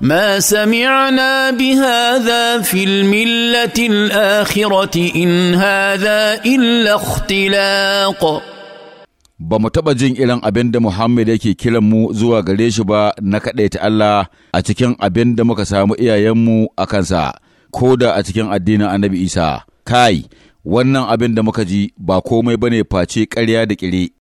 ما سمعنا بهذا في الملة الآخرة إن هذا إلا اختلاق ba mu taɓa jin irin abin da Muhammad yake kiran mu zuwa gare shi ba na kaɗaita Allah a cikin abin da muka samu iyayenmu a kansa, ko da a cikin addinin Annabi Isa. Kai, wannan abin da muka ji ba komai ba ne face ƙarya da ƙire.